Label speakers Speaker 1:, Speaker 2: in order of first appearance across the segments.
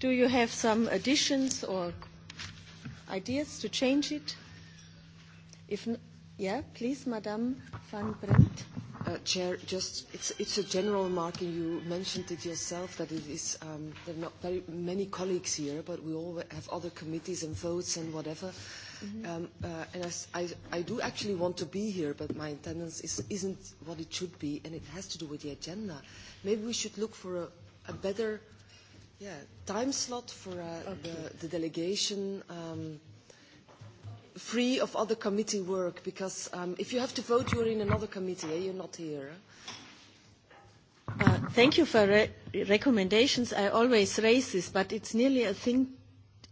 Speaker 1: Do you have some additions or ideas to change it? If n- yeah, please, Madame van Brent. Uh, Chair, just it's, it's a general remark, and you mentioned it yourself that it is um, there are not very many colleagues here, but we all have other committees and votes and whatever. Um, uh, and I, I, I do actually want to be here, but my attendance is, isn't what it should be, and it has to do with the agenda. Maybe we should look for a, a better Yeah, time slot for uh, the, the delegation. Um, free of other committee work because um, if you have to vote you're in another committee eh? you're not here uh, thank you for re recommendations I always raise this but it's nearly a thing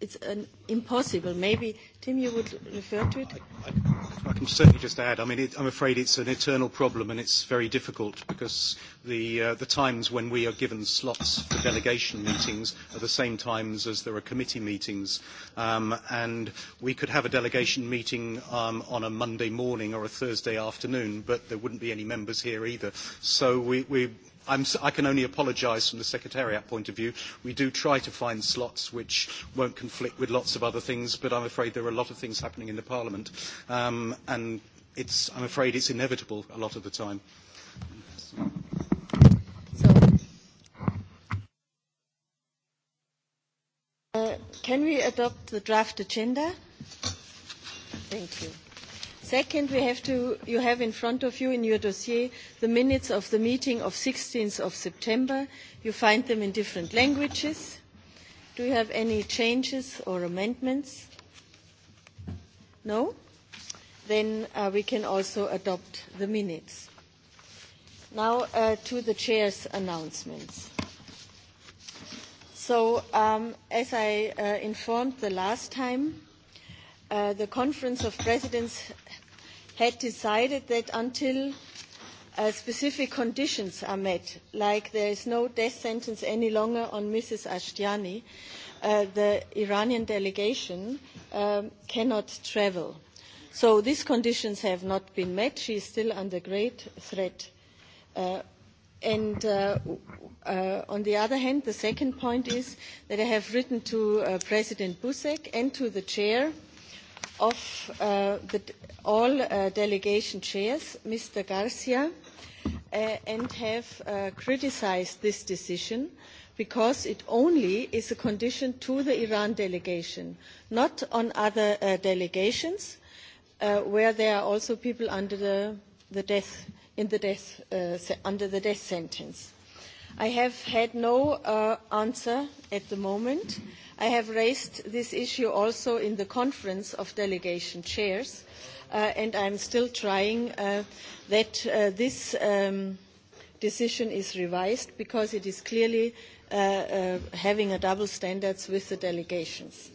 Speaker 1: it's an impossible maybe Tim you would refer to it
Speaker 2: I, I, I can certainly just add, I mean, it, I'm afraid it's an eternal problem and it's very difficult because the, uh, the times when we are given slots for delegation meetings are the same times as there are committee meetings. Um, and we could have a delegation meeting um, on a Monday morning or a Thursday afternoon, but there wouldn't be any members here either. So we, we, I'm, I can only apologise from the Secretariat point of view. We do try to find slots which won't conflict with lots of other things, but I'm afraid there are a lot of things happening in the Parliament, um, and it's, I'm afraid it's inevitable a lot of the time.
Speaker 1: can we adopt the draft agenda? Thank you. Second, we have to, you have in front of you in your dossier the minutes of the meeting of 16th of September. You find them in different languages. Do you have any changes or amendments? No? Then uh, we can also adopt the minutes. Now uh, to the chair's announcements. So um, as I uh, informed the last time, the Conference of Presidents had decided that until uh, specific conditions are met, like there is no death sentence any longer on Mrs. Ashtiani, uh, the Iranian delegation um, cannot travel. So these conditions have not been met. She is still under great threat. Uh, and uh, uh, on the other hand, the second point is that I have written to uh, President Busek and to the chair of all delegation chairs, Mr. Garcia, and have criticised this decision because it only is a condition to the Iran delegation, not on other delegations where there are also people under the death, in the death, under the death sentence I have had no uh, answer at the moment. I have raised this issue also in the conference of delegation chairs, uh, and I'm still trying uh, that uh, this um, decision is revised because it is clearly uh, uh, having a double standards with the delegations.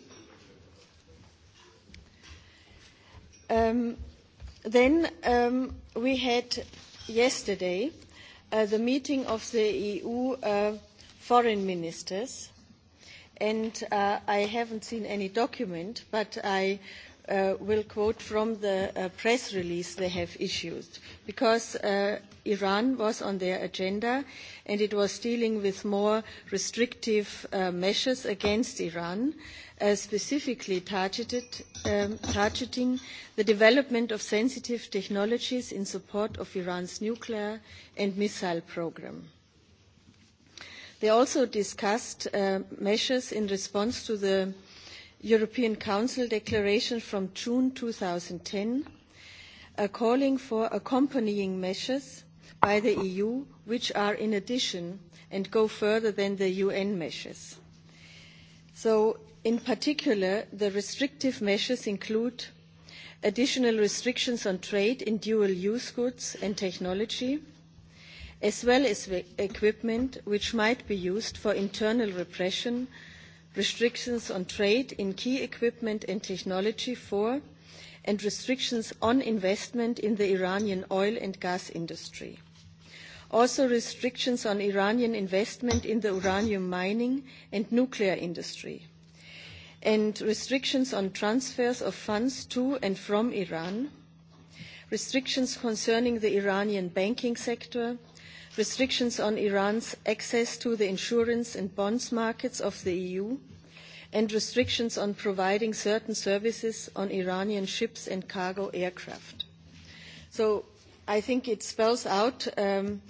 Speaker 1: Um, then um, we had yesterday the meeting of the EU foreign ministers, and I haven't seen any document, but I will quote from the press release they have issued, because Iran was on their agenda and it was dealing with more restrictive measures against Iran, specifically targeting the development of sensitive technologies in support of Iran's nuclear and missile programme. They also discussed measures in response to the European Council declaration from June 2010 uh, calling for accompanying measures by the EU which are in addition and go further than the UN measures. So in particular, the restrictive measures include additional restrictions on trade in dual-use goods and technology, as well as equipment which might be used for internal repression restrictions on trade in key equipment and technology for, and restrictions on investment in the Iranian oil and gas industry. Also restrictions on Iranian investment in the uranium mining and nuclear industry. And restrictions on transfers of funds to and from Iran. Restrictions concerning the Iranian banking sector, restrictions on Iran's access to the insurance and bonds markets of the EU, and restrictions on providing certain services on Iranian ships and cargo aircraft. So I think it spells out on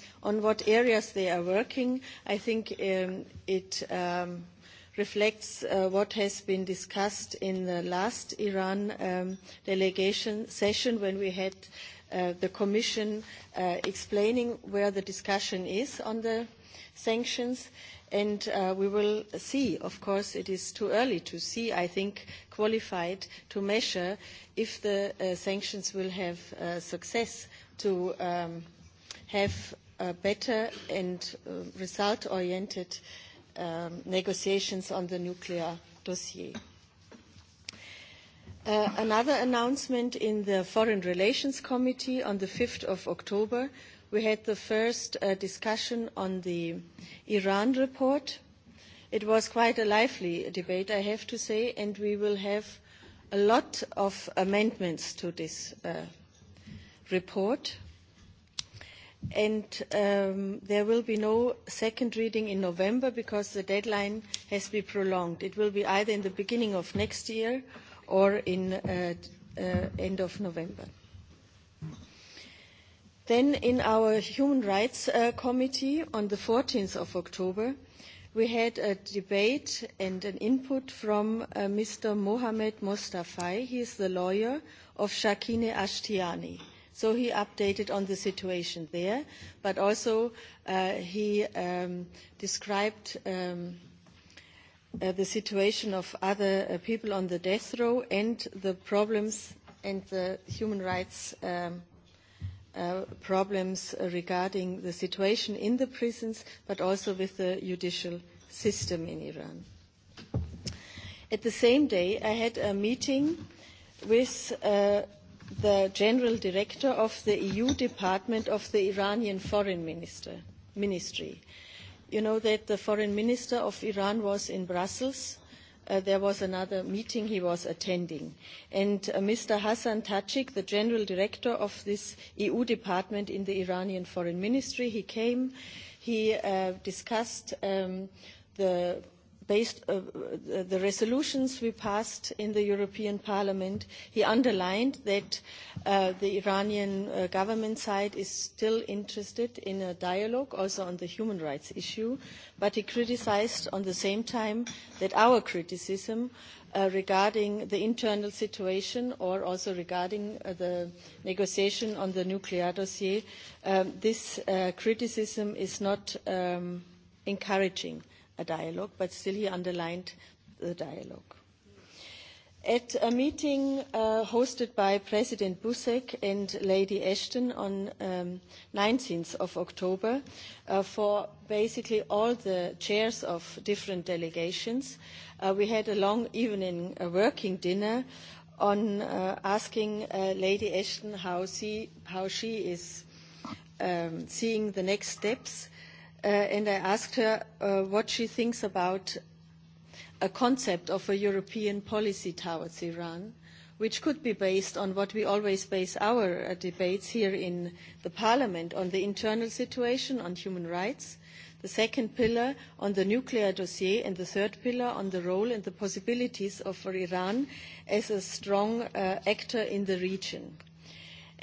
Speaker 1: what areas they are working. I think it reflects what has been discussed in the last Iran delegation session when we had the Commission explaining where the discussion is on the sanctions. And we will see, of course, it is too early to see, I think, qualified to measure if the sanctions will have success to have better and result-oriented negotiations on the nuclear dossier another announcement in the Foreign Relations Committee on the 5th of October, we had the first discussion on the Iran report. It was quite a lively debate, I have to say, and we will have a lot of amendments to this report. And there will be no second reading in November because the deadline has been prolonged. It will be either in the beginning of next year or in uh, uh, end of November. Then in our Human Rights uh, Committee on the 14th of October, we had a debate and an input from uh, Mr. Mohamed Mostafai. He is the lawyer of Shakine Ashtiani. So he updated on the situation there, but also uh, he um, described um, – the situation of other people on the death row and the problems and the human rights problems regarding the situation in the prisons, but also with the judicial system in Iran. At the same day, I had a meeting with the general director of the EU department of the Iranian Foreign Ministry You know that the foreign minister of Iran was in Brussels. there was another meeting he was attending. And Mr. Hassan Tajik, the general director of this EU department in the Iranian foreign ministry, he came. He discussed the based the resolutions we passed in the European Parliament, he underlined that the Iranian government side is still interested in a dialogue also on the human rights issue, but he criticised at the same time that our criticism regarding the internal situation or also regarding the negotiation on the nuclear dossier, this criticism is not encouraging a dialogue, but still he underlined the dialogue. At a meeting hosted by President Busek and Lady Ashton on um, 19th of October for basically all the chairs of different delegations, we had a long evening working dinner on asking Lady Ashton how, she is seeing the next steps and I asked her what she thinks about a concept of a European policy towards Iran, which could be based on what we always base our debates here in the Parliament on the internal situation, on human rights, the second pillar on the nuclear dossier, and the third pillar on the role and the possibilities of Iran as a strong actor in the region.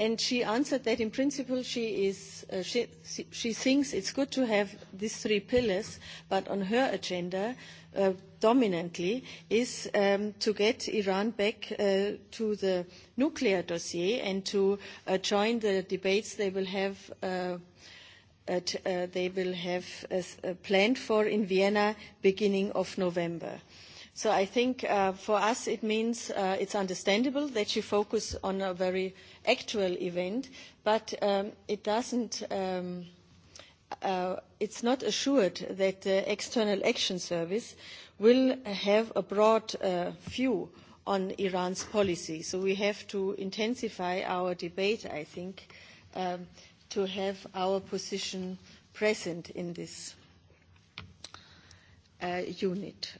Speaker 1: And she answered that in principle she, is, uh, she, she thinks it's good to have these three pillars, but on her agenda, uh, dominantly, is um, to get Iran back uh, to the nuclear dossier and to uh, join the debates they will have. Uh, at, uh, they will have uh, planned for in Vienna beginning of November. So I think uh, for us it means uh, it's understandable that you focus on a very actual event, but um, it doesn't. Um, uh, it's not assured that the External Action Service will have a broad uh, view on Iran's policy. So we have to intensify our debate, I think, um, to have our position present in this uh, unit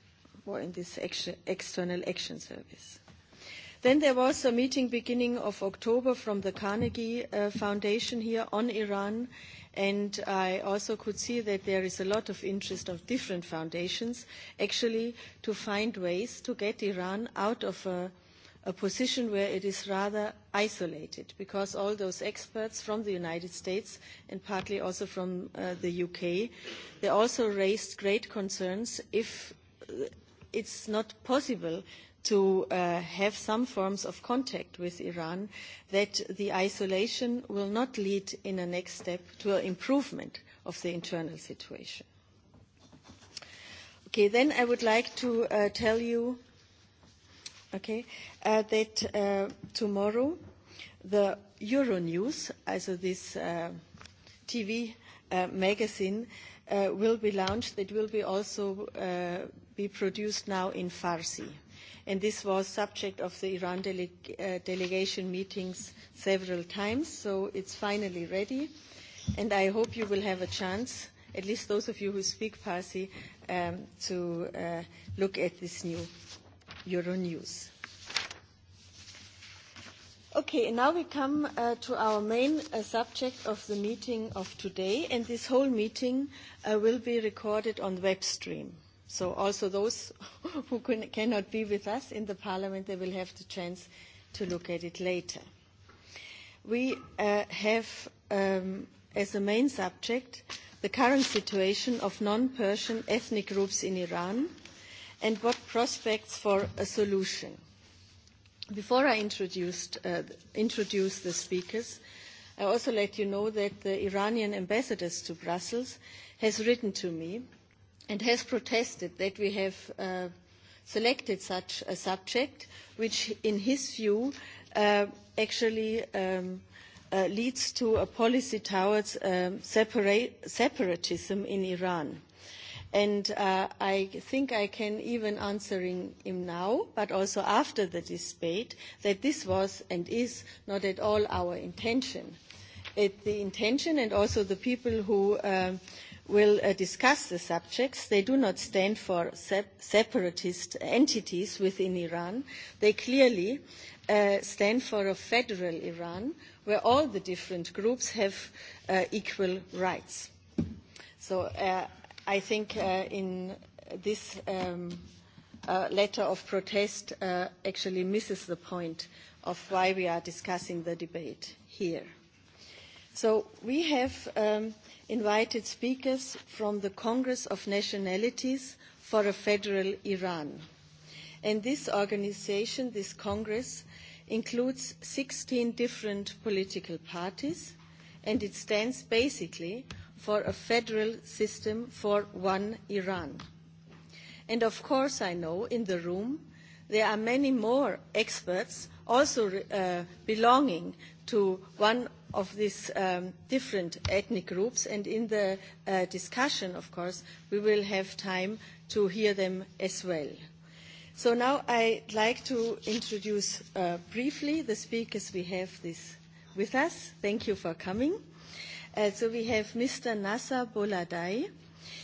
Speaker 1: or in this action, external action service. Then there was a meeting beginning of October from the Carnegie uh, Foundation here on Iran, and I also could see that there is a lot of interest of different foundations actually to find ways to get Iran out of a a position where it is rather isolated because all those experts from the United States and partly also from the UK, they also raised great concerns if it's not possible to have some forms of contact with Iran, that the isolation will not lead in a next step to an improvement of the internal situation. Okay, then I would like to uh, tell you okay, uh, that uh, tomorrow the Euronews, also this uh, TV uh, magazine, uh, will be launched. It will be also be produced now in Farsi. And this was subject of the Iran delegation meetings several times, so it's finally ready. And I hope you will have a chance, at least those of you who speak Farsi, to look at this new Euronews. Okay, and now we come uh, to our main uh, subject of the meeting of today, and this whole meeting uh, will be recorded on web stream. So also those who can, cannot be with us in the Parliament, they will have the chance to look at it later. We uh, have um, as a main subject the current situation of non-Persian ethnic groups in Iran and what prospects for a solution. Before I introduce the speakers, I also let you know that the Iranian ambassador to Brussels has written to me and has protested that we have selected such a subject, which in his view actually leads to a policy towards separatism in Iran And uh, I think I can even answer him now, but also after the debate, that this was and is not at all our intention. It, the intention and also the people who will discuss the subjects. They do not stand for separatist entities within Iran. They clearly stand for a federal Iran where all the different groups have equal rights. So I think uh, in this um, uh, letter of protest uh, actually misses the point of why we are discussing the debate here. So we have um, invited speakers from the Congress of Nationalities for a Federal Iran. And this organization, this Congress, includes 16 different political parties, and it stands basically for a federal system for one Iran. And of course, I know in the room there are many more experts also uh, belonging to one of these um, different ethnic groups. And in the uh, discussion, of course, we will have time to hear them as well. So now I'd like to introduce uh, briefly the speakers we have this with us. Thank you for coming. Uh, so we have Mr. Nasser Boladai.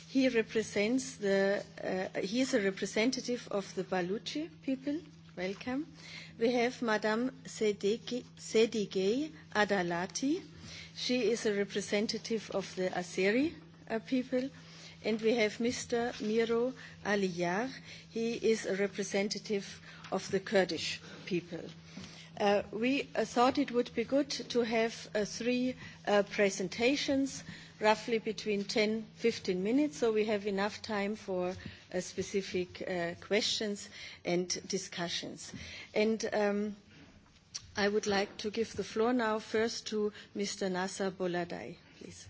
Speaker 1: He represents the, uh, he is a representative of the Baluchi people. Welcome. We have Madame Sedigay Adalati. She is a representative of the Aseri uh, people. And we have Mr. Miro Aliyar. He is a representative of the Kurdish people we thought it would be good to have three presentations, roughly between 10, 15 minutes, so we have enough time for specific questions and discussions. And I would like to give the floor now first to Mr. Nasser Boladai, please.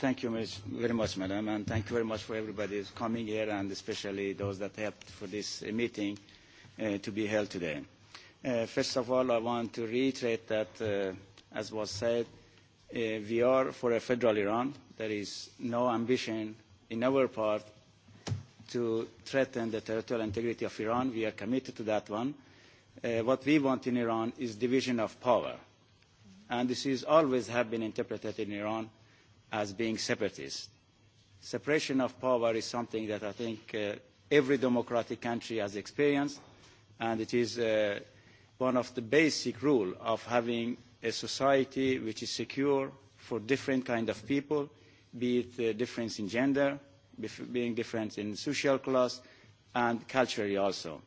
Speaker 2: Thank you very much, madam, and thank you very much for everybody coming here, and especially those that helped for this meeting to be held today. First of all, I want to reiterate that, as was said, we are for a federal Iran. There is no ambition in our part to threaten the territorial integrity of Iran. We are committed to that one. What we want in Iran is division of power, and this has always have been interpreted in Iran as being separatist. Separation of power is something that I think every democratic country has experienced, and it is one of the basic rules of having a society which is secure for different kinds of people, be it the difference in gender, being different in social class, and culturally also.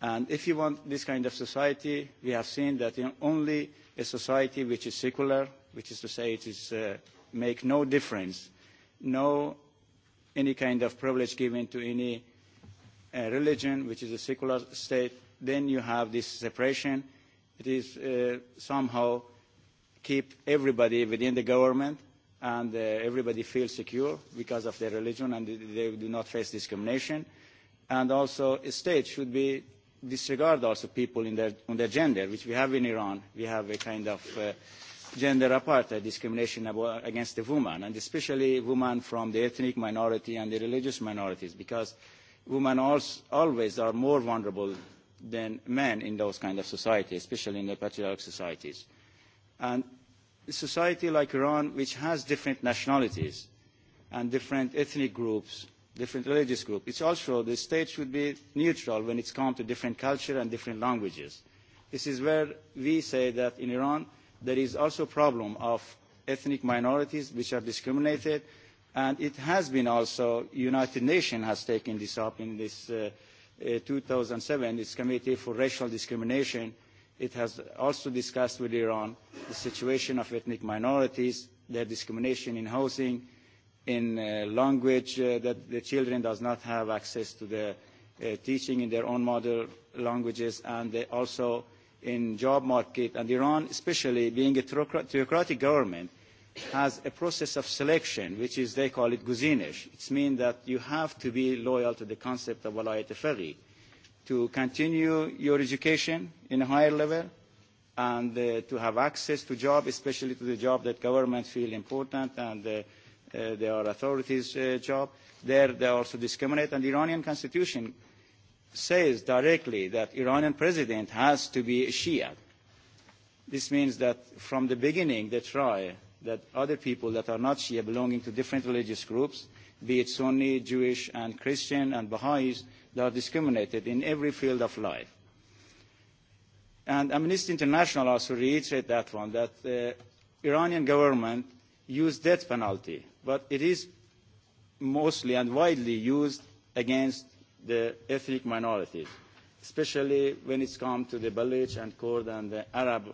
Speaker 2: And if you want this kind of society, we have seen that only a society which is secular, which is to say it is make no difference, no any kind of privilege given to any uh, religion, which is a secular state, then you have this separation. It is uh, somehow keep everybody within the government and uh, everybody feels secure because of their religion and they do not face discrimination. And also a state should be disregard also people in their, on their gender, which we have in Iran. We have a kind of uh, gender apartheid discrimination against the woman, and especially women from the ethnic minority and the religious minorities, because women always are more vulnerable than men in those kind of societies, especially in the patriarchal societies. And a society like Iran, which has different nationalities and different ethnic groups, different religious groups, it's also the state should be neutral when it comes to different culture and different languages. This is where we say that in Iran, there is also a problem of ethnic minorities which are discriminated and it has been also united nations has taken this up in this uh, uh, 2007 its committee for racial discrimination it has also discussed with iran the situation of ethnic minorities their discrimination in housing in uh, language uh, that the children does not have access to the uh, teaching in their own mother languages and they also in job market and Iran especially being a theocratic government has a process of selection which is they call it guzinish. It means that you have to be loyal to the concept of walayat ferri to continue your education in a higher level and to have access to job, especially to the job that government feel important and there are authorities' job. There they also discriminate and the Iranian constitution says directly that the Iranian president has to be a Shia. This means that from the beginning they try that other people that are not Shia belonging to different religious groups, be it Sunni, Jewish and Christian and Baha'is, they are discriminated in every field of life. And Amnesty International also reiterates that one, that the Iranian government used death penalty, but it is mostly and widely used against the ethnic minorities, especially when it comes to the Baloch and Kurd and the Arab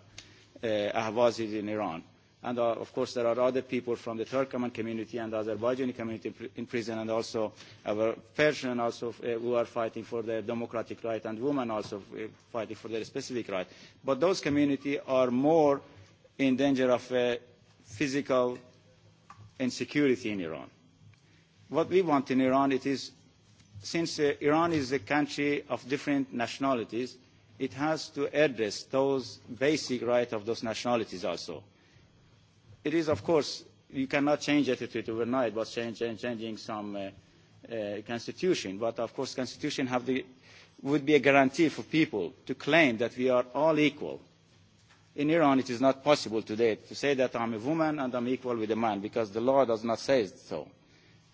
Speaker 2: uh, Ahwazis in Iran. And uh, of course, there are other people from the Turkoman community and Azerbaijani community in prison, and also our Persian also uh, who are fighting for their democratic right, and women also uh, fighting for their specific right. But those communities are more in danger of uh, physical insecurity in Iran. What we want in Iran, it is since Iran is a country of different nationalities, it has to address those basic rights of those nationalities also. It is, of course, you cannot change attitude overnight, but change, changing some uh, uh, constitution. But of course, constitution have the, would be a guarantee for people to claim that we are all equal. In Iran, it is not possible today to say that I'm a woman and I'm equal with a man because the law does not say so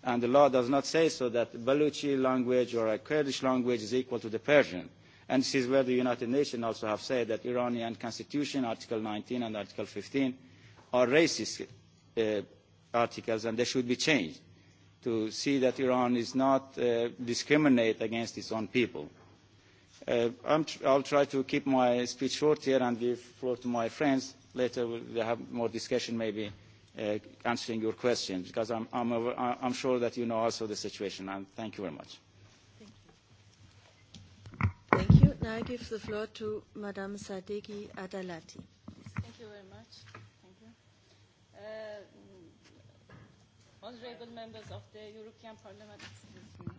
Speaker 2: and the law does not say so that the Baluchi language or a Kurdish language is equal to the Persian. And this is where the United Nations also have said that Iranian constitution, Article nineteen and Article fifteen, are racist articles and they should be changed to see that Iran is not uh, discriminate against its own people. Uh, I'm tr I'll try to keep my speech short here and give floor to my friends. Later we'll have more discussion maybe answering your question because I'm, I'm, I'm sure that you know also the situation. And thank you very much.
Speaker 1: Thank you. Now I give the floor to Madame Sadeghi Adalati.
Speaker 3: Thank you very much. Thank you. Uh, honorable members of the European Parliament, excuse me.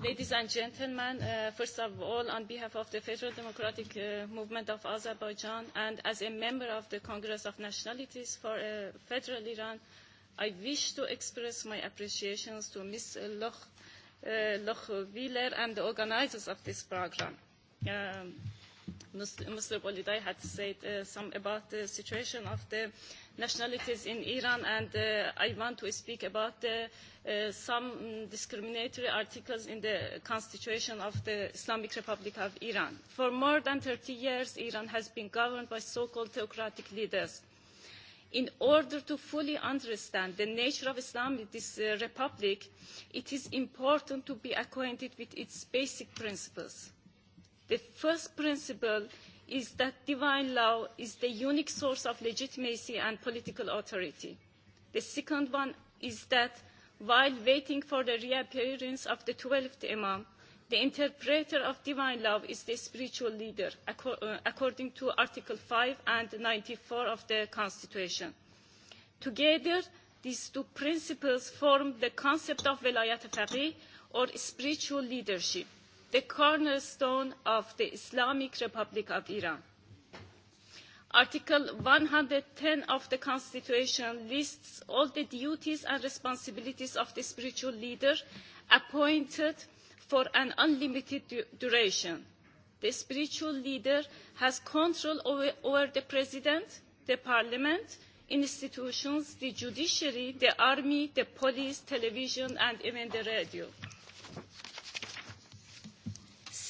Speaker 3: Ladies and gentlemen, uh, first of all, on behalf of the Federal Democratic uh, Movement of Azerbaijan and as a member of the Congress of Nationalities for uh, Federal Iran, I wish to express my appreciations to Ms. Loch, uh, Loch Wheeler and the organizers of this program. Um, Mr. Bolidai had said uh, some about the situation of the uh, nationalities in Iran, and I want to speak about some discriminatory articles in the constitution of the Islamic Republic of Iran. For more than thirty years, Iran has been governed by so-called theocratic leaders. In order to fully understand the nature of Islam in this republic, it is important to be acquainted with its basic principles. The first principle is that divine law is the unique source of legitimacy and political authority. The second one is that while waiting for the reappearance of the twelfth Imam, the interpreter of divine law is the spiritual leader, according to Article five and ninety four of the Constitution. Together, these two principles form the concept of velayat faqih, or spiritual leadership the cornerstone of the Islamic Republic of Iran. Article one hundred and ten of the Constitution lists all the duties and responsibilities of the spiritual leader appointed for an unlimited duration. The spiritual leader has control over, the president, the parliament, institutions, the judiciary, the army, the police, television, and even the radio.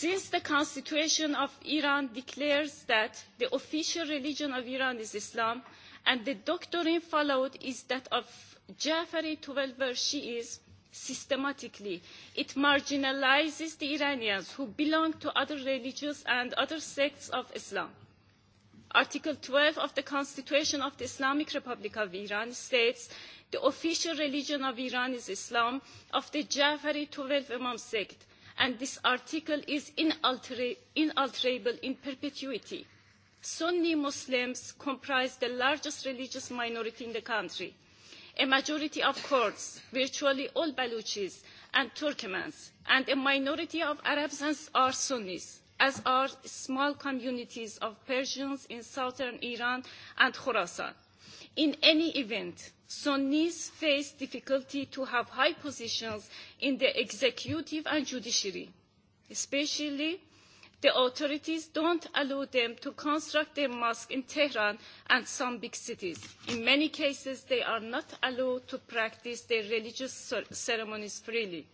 Speaker 3: Since the constitution of Iran declares that the official religion of Iran is Islam, and the doctrine followed is that of Jafari Tuvelver Shiism, systematically. It marginalises the Iranians who belong to other religions and other sects of Islam. Article twelve of the Constitution of the Islamic Republic of Iran states the official religion of Iran is Islam of the Jafari Twelve Imam sect and this article is inalterable in perpetuity. Sunni Muslims comprise the largest religious minority in the country. A majority of Kurds, virtually all Baluchis and Turkmens, and a minority of Arabs are Sunnis, as are small communities of Persians in southern Iran and Khorasan. In any event, Sunnis face difficulty to have high positions in the executive and judiciary, especially the authorities don't allow them to construct their mosque in Tehran and some big cities. In many cases, they are not allowed to practice their religious ceremonies freely.